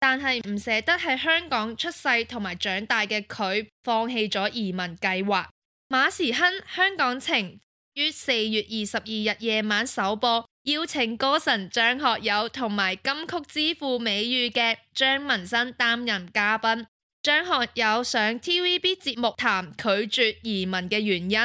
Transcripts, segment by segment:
但係唔捨得喺香港出世同埋長大嘅佢，放棄咗移民計劃。馬時亨《香港情》於四月二十二日夜晚首播，邀請歌神張學友同埋金曲之父美譽嘅張文新擔任嘉賓。張學友上 TVB 節目談拒絕移民嘅原因，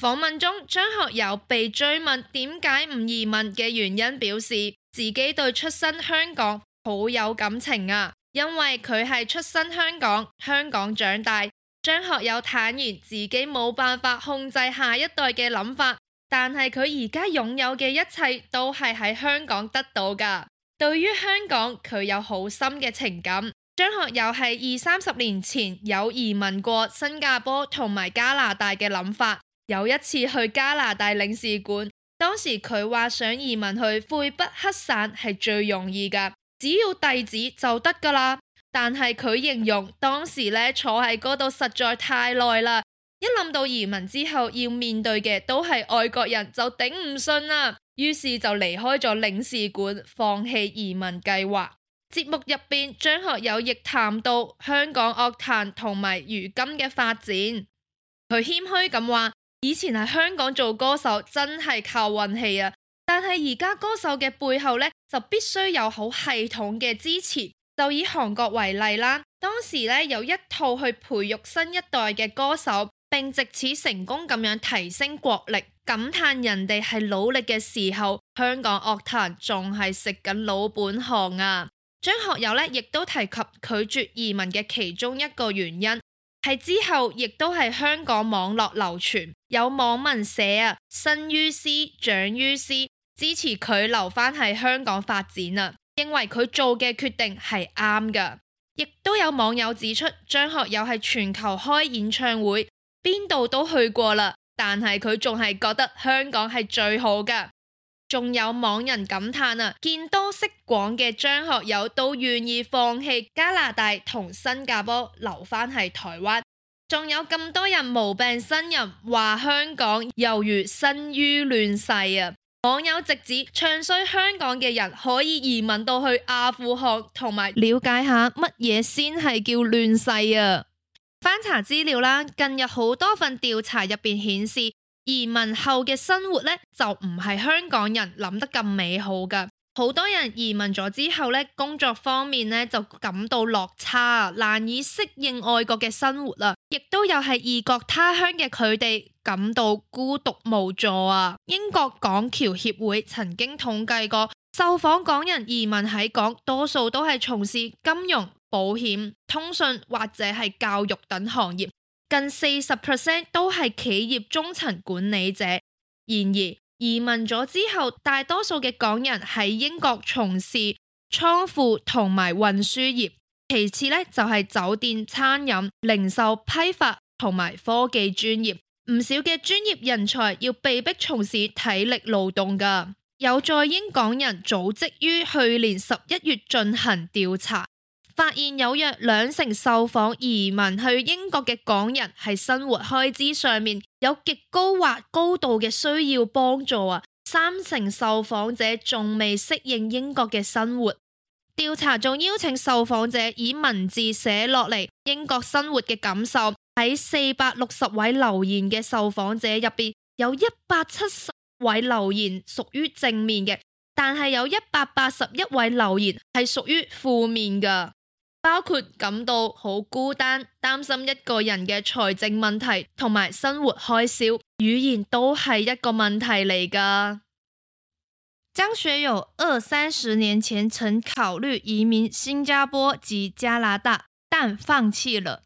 訪問中張學友被追問點解唔移民嘅原因，表示自己對出身香港好有感情啊！因為佢係出身香港，香港長大。張學友坦言自己冇辦法控制下一代嘅諗法，但係佢而家擁有嘅一切都係喺香港得到㗎。對於香港，佢有好深嘅情感。張學友係二三十年前有移民過新加坡同埋加拿大嘅諗法。有一次去加拿大領事館，當時佢話想移民去魁北克省係最容易㗎。只要遞紙就得噶啦，但係佢形容當時呢，坐喺嗰度實在太耐啦，一諗到移民之後要面對嘅都係外國人就頂唔順啦，於是就離開咗領事館，放棄移民計劃。節目入邊，張學友亦談到香港樂壇同埋如今嘅發展，佢謙虛咁話：以前喺香港做歌手真係靠運氣啊。但係而家歌手嘅背後呢，就必須有好系統嘅支持。就以韓國為例啦，當時呢有一套去培育新一代嘅歌手，並借此成功咁樣提升國力。感嘆人哋係努力嘅時候，香港樂壇仲係食緊老本行啊！張學友呢亦都提及拒絕移民嘅其中一個原因係之後，亦都係香港網絡流傳有網民寫啊，生於斯，長於斯。支持佢留翻喺香港發展啊，認為佢做嘅決定係啱噶。亦都有網友指出，張學友喺全球開演唱會，邊度都去過啦，但係佢仲係覺得香港係最好噶。仲有網人感嘆啊，見多識廣嘅張學友都願意放棄加拿大同新加坡留在，留翻喺台灣。仲有咁多人無病呻吟，話香港猶如身於亂世啊！網友直指，唱衰香港嘅人可以移民到去阿富汗，同埋了解下乜嘢先係叫亂世啊！翻查資料啦，近日好多份調查入邊顯示，移民後嘅生活呢就唔係香港人諗得咁美好噶，好多人移民咗之後呢，工作方面呢就感到落差，難以適應外國嘅生活啦，亦都有係異國他鄉嘅佢哋。感到孤獨無助啊！英國港僑協會曾經統計過，受訪港人移民喺港，多數都係從事金融、保險、通訊或者係教育等行業，近四十 percent 都係企業中層管理者。然而，移民咗之後，大多數嘅港人喺英國從事倉庫同埋運輸業，其次呢，就係酒店、餐飲、零售、批發同埋科技專業。唔少嘅專業人才要被迫從事體力勞動㗎。有在英港人組織於去年十一月進行調查，發現有約兩成受訪移民去英國嘅港人喺生活開支上面有極高或高度嘅需要幫助啊。三成受訪者仲未適應英國嘅生活。調查仲邀請受訪者以文字寫落嚟英國生活嘅感受。喺四百六十位留言嘅受訪者入邊，有一百七十位留言屬於正面嘅，但係有一百八十一位留言係屬於負面噶，包括感到好孤單、擔心一個人嘅財政問題同埋生活開銷、語言都係一個問題嚟噶。張學友二三十年前曾考慮移民新加坡及加拿大，但放棄了。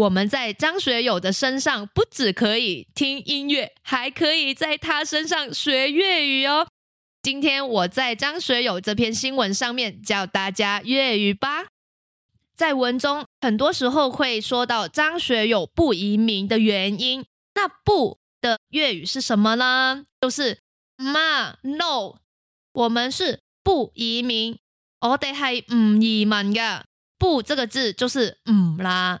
我們在張學友的身上不只可以聽音樂，還可以在他身上學粵語哦。今天我在張學友這篇新聞上面教大家粵語吧。在文中，很多時候會說到張學友不移民的原因。那“不”的粵語是什麼呢？就是“嘛 no”。我們是不移民，我哋係唔移民㗎。“不”這個字就是唔、嗯、啦。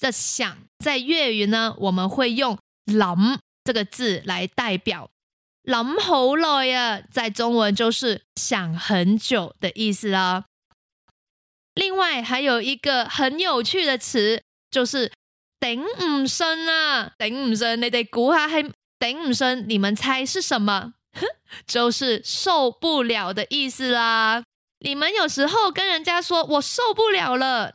在想，在粵語呢，我們會用“諗”這個字來代表“諗好耐啊”。在中文就是“想很久”的意思啦。另外還有一個很有趣的詞，就是“頂唔順啊，頂唔順”，你哋估下，頂唔順你們猜是什麼？ 就是受不了的意思啦。你們有時候跟人家說：“我受不了了。”